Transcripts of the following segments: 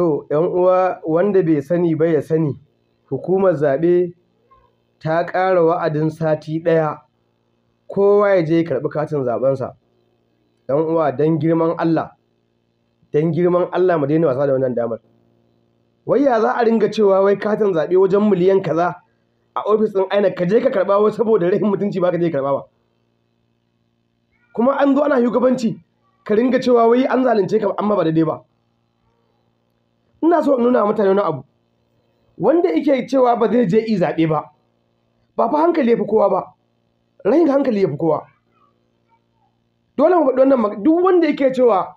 To uwa wanda bai sani ba ya sani, hukumar zaɓe ta ƙara wa'adin sati ɗaya, kowa ya je ya karɓi katin zaɓensa. uwa don girman Allah, don girman Allah mu daina wasa da wannan damar. Wai ya za a ringa cewa wai katin zaɓe wajen miliyan kaza a ofis ɗin Aina ka je ka karɓa wai saboda rahin mutunci ba ka je karɓa ba. Kuma an zo ana shugabanci ka ringa cewa wai an zalunce ka amma ba daidai ba. ina so in nuna mutane wani abu wanda yake cewa ba zai je yi zaɓe ba ba fa hankali ya fi kowa ba rahin hankali ya fi kowa dole mu faɗi wannan duk wanda yake cewa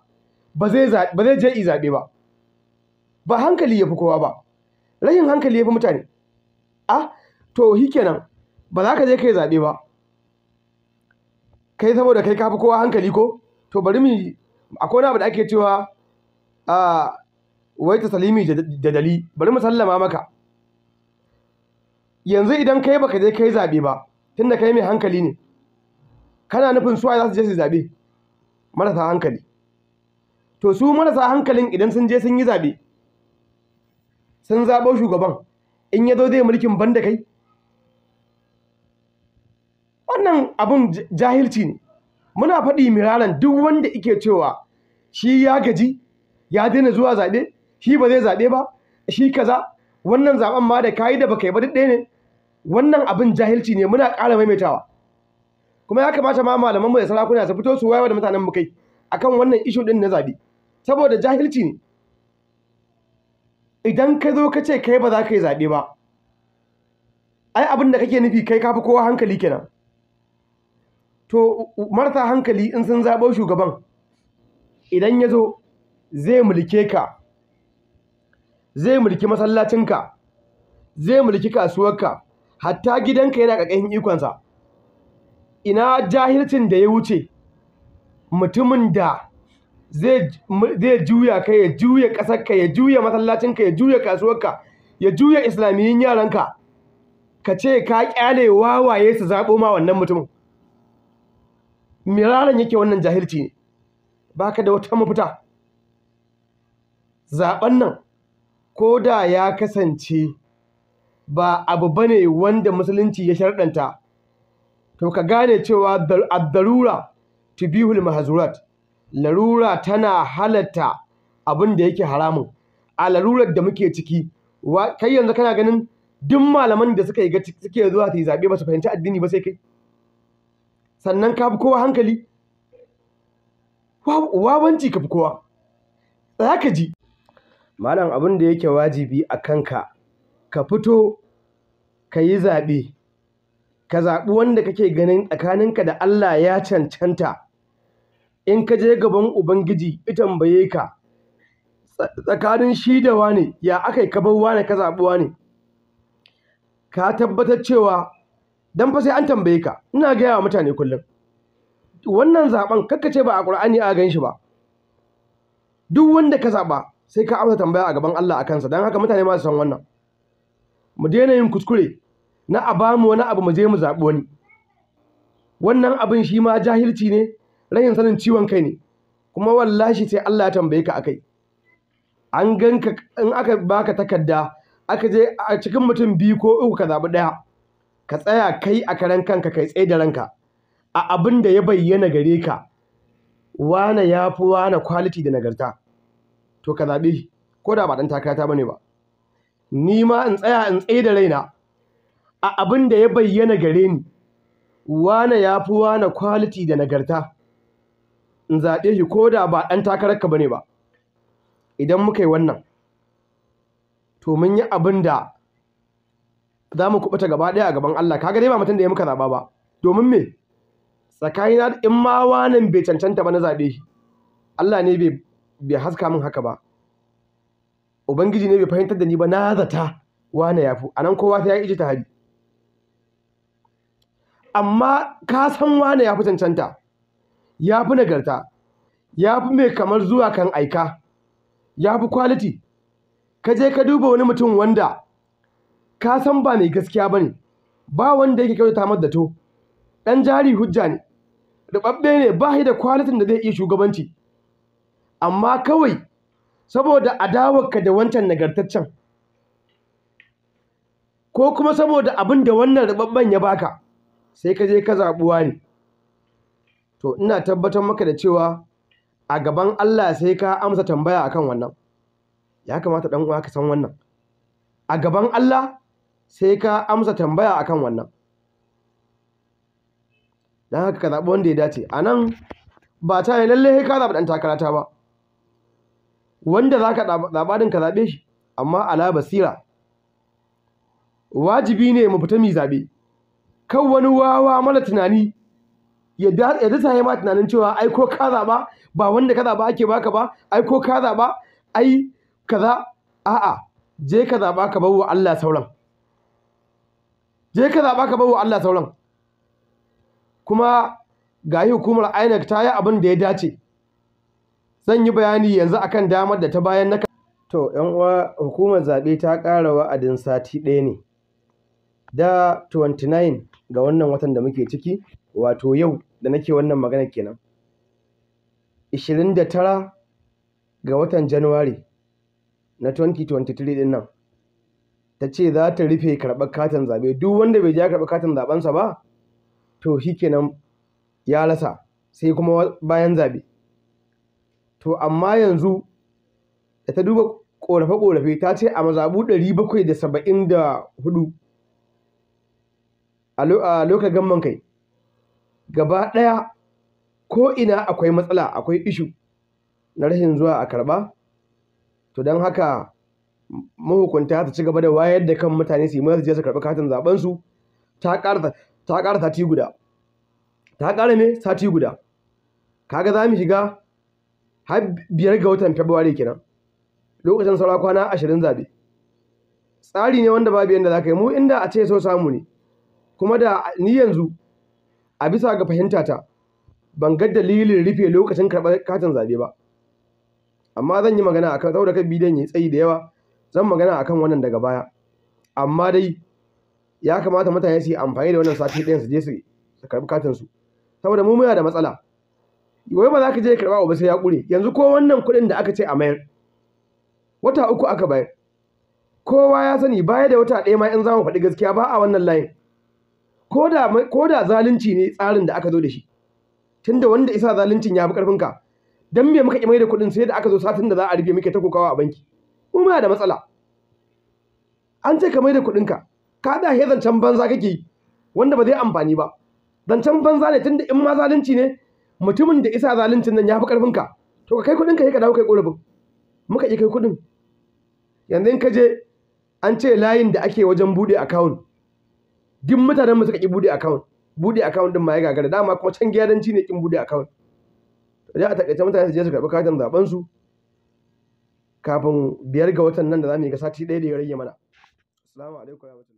ba zai je yi zaɓe ba ba hankali ya fi kowa ba rahin hankali ya fi mutane a to shi kenan ba za ka je kai zaɓe ba kai saboda kai ka fi kowa hankali ko to bari mu akwai wani abu da ake cewa a ah, wai ta salimi da dali bari mu sallama maka yanzu idan kai baka je kai zabe ba tunda kai mai hankali ne kana nufin suwa za su je su zabe marasa hankali to su marasa hankalin idan sun je sun yi zabe sun zabo shugaban in ya zo zai mulkin banda kai wannan abun jahilci ne muna faɗi miraran duk wanda ike cewa shi ya gaji ya daina zuwa zaɓe shi ba zai zaɓe ba shi kaza wannan zaɓen ma da kayi da baka yi ba duk ɗaya ne wannan abin jahilci ne muna ƙara maimaitawa kuma ya kamata ma malaman mu da sarakuna su fito su wayar da mutanen mu kai akan wannan ishu din na zaɓe saboda jahilci ne idan ka zo ka ce kai ba za ka yi zaɓe ba ai abin da kake nufi kai kafi kowa hankali kenan to marasa hankali in sun zaɓo shugaban idan ya zo zai mulke ka zai mulki masallacinka zai mulki kasuwarka hatta gidanka yana ƙaƙayin ikonsa ina jahilcin da ya wuce mutumin da zai juya ka ya juya ƙasarka ya juya masallacinka ya juya kasuwarka ya juya islamiyin yaranka ka ce ka ƙyale wawaye su zaɓo ma wannan mutumin miraran yake wannan jahilci ne ba ka da wata mafita zaɓen nan ko da ya kasance ba abu ba ne wanda musulunci ya sharɗanta to ka gane cewa ad-darura tubihul larura tana halatta abin da yake haramun a larurar da muke ciki kai yanzu kana ganin duk malaman da suka yi suke zuwa su yi zaɓe ba su fahimci addini ba sai kai sannan ka fi kowa hankali wawanci ka fi kowa za ka ji malam abin da yake wajibi a kanka ka fito ka yi zaɓe ka zaɓi wanda kake ganin tsakaninka da Allah ya cancanta in ka je gaban ubangiji i tambaye ka tsakanin shi da wane ya aka yi kabar wane ka zaɓi wane ka tabbatar cewa don fa sai an tambaye ka ina gaya wa mutane kullum wannan zaɓen kakkace ba a ƙur'ani a gan shi ba duk wanda ka zaɓa sai ka amsa tambaya a gaban Allah a kansa don haka mutane ma su san wannan mu daina yin kuskure na a ba mu wani abu mu je mu zaɓi wani wannan abin shi ma jahilci ne rayin sanin ciwon kai ne kuma wallashi sai Allah ya tambaye ka akai an ganka in aka baka takarda aka je a cikin mutum biyu ko uku ka zaɓi ɗaya ka tsaya kai a karan kanka kai tsaye da ranka a abin da ya bayyana gare ka wane ya fi wane kwaliti da nagarta to ka zaɓe shi ko da ba ɗan takarata bane ba ni ma in tsaya in tsaye da raina a abin da ya bayyana gare ni wane ya fi wane kwaliti da nagarta in zaɓe shi ko da ba ɗan takararka bane ba idan muka yi wannan to mun yi abin da za mu kuɓuta gaba ɗaya a gaban Allah kaga dai ba mutum da ya muka zaɓa ba domin me tsakanina in ma wanan bai cancanta ba na zaɓe shi Allah ne bai bai haska min haka ba ubangiji ne bai fahimtar da ni ba na zata wane ya fi anan kowa sai ya ta hari. amma ka san wane ya fi cancanta ya fi nagarta ya fi mai kamar zuwa kan aika ya fi kwaliti ka je ka duba wani mutum wanda ka san ba mai gaskiya ba ne ba wanda yake kyautata masa da to ɗan jari hujja ne rubabbe ne ba shi da kwalitin da zai iya shugabanci amma kawai saboda adawarka da wancan nagartaccen ko kuma saboda abin da wannan rababban ya baka sai ka je ka zaɓuwa ne to ina tabbatar maka da cewa a gaban Allah sai ka amsa tambaya akan wannan ya kamata dan uwa ka san wannan a gaban Allah sai ka amsa tambaya akan wannan don haka ka zaɓi wanda ya dace a nan ba ta yi lallai ka zaɓi ɗan takarata ba wanda za ka labarin ka zaɓe shi amma ala basira wajibi ne mu fita mai zaɓe kan wani wawa mana tunani ya dasa yi ma tunanin cewa ai ko ka zaɓa ba wanda ka zaɓa ake baka ba ai ko ka zaɓa ai kaza a'a je ka zaɓa ka bawa Allah sauran je ka zaɓa ka bawa Allah sauran kuma ga yi hukumar INEC ta yi abin da ya dace Zan yi bayani yanzu akan damar da ta bayan na To ‘yan uwa hukumar zaɓe ta ƙara wa'adin sati ɗaya ne da 29 ga wannan watan da muke ciki wato yau da nake wannan magana kenan 29 ga watan Januwari na 2023 ɗin nan ta ce za ta rufe karɓar katin zaɓe duk wanda bai ja karɓar katin zaɓensa ba to shi kenan ya rasa sai kuma bayan zaɓe. to amma yanzu da ta duba ƙorafe-ƙorafe ta ce a mazaɓu ɗari bakwai da saba'in da hudu a lokacin gamman kai gaba ɗaya ko ina akwai matsala akwai ishu na rashin zuwa a karɓa to don haka mahukunta ta ci gaba da wayar da kan mutane su yi masu je su karɓi katin zaɓensu ta ƙara sati guda ta ƙara me sati guda kaga za mu shiga har biyar ga watan Fabrairu kenan lokacin saura kwana ashirin zaɓe tsari ne wanda babu yadda za ka yi mu inda a ce so samu ne kuma da ni yanzu a bisa ga fahimta ta ban ga dalilin rufe lokacin karɓar katin zaɓe ba amma zan yi magana akan saboda kan bidiyon yi tsayi da yawa zan magana akan wannan daga baya amma dai ya kamata mutane su yi amfani da wannan sati ɗayan su je su karɓi katin su saboda mu muna da matsala wai ba za ka je karɓa ba sai ya ƙure yanzu ko wannan kuɗin da aka ce a mayar wata uku aka bayar kowa ya sani baya da wata ɗaya ma in za mu faɗi gaskiya ba a wannan layin ko da zalunci ne tsarin da aka zo da shi tunda wanda isa zaluncin ya fi ƙarfinka don me muka mai da kuɗin sai da aka zo satin da za a rufe muke ta kokawa a banki mu muna da matsala an ce ka mai da kuɗin ka da he zancen banza kake yi wanda ba zai amfani ba zancen banza ne tunda in ma zalunci ne mutumin da isa zaluncin nan ya fi karfin ka to ka kai kuɗin ka ka dawo kai ƙorafin muka yi kai kuɗin yanzu in ka je an ce layin da ake wajen buɗe account duk mutanen mu suka ki buɗe account buɗe account din ma ya gagara dama kuma can gidanci ne kin buɗe account to da a takaice mutane su je su karɓi katin zaben su kafin biyar ga watan nan da za mu yi ga sati ɗaya da ya rage mana assalamu alaikum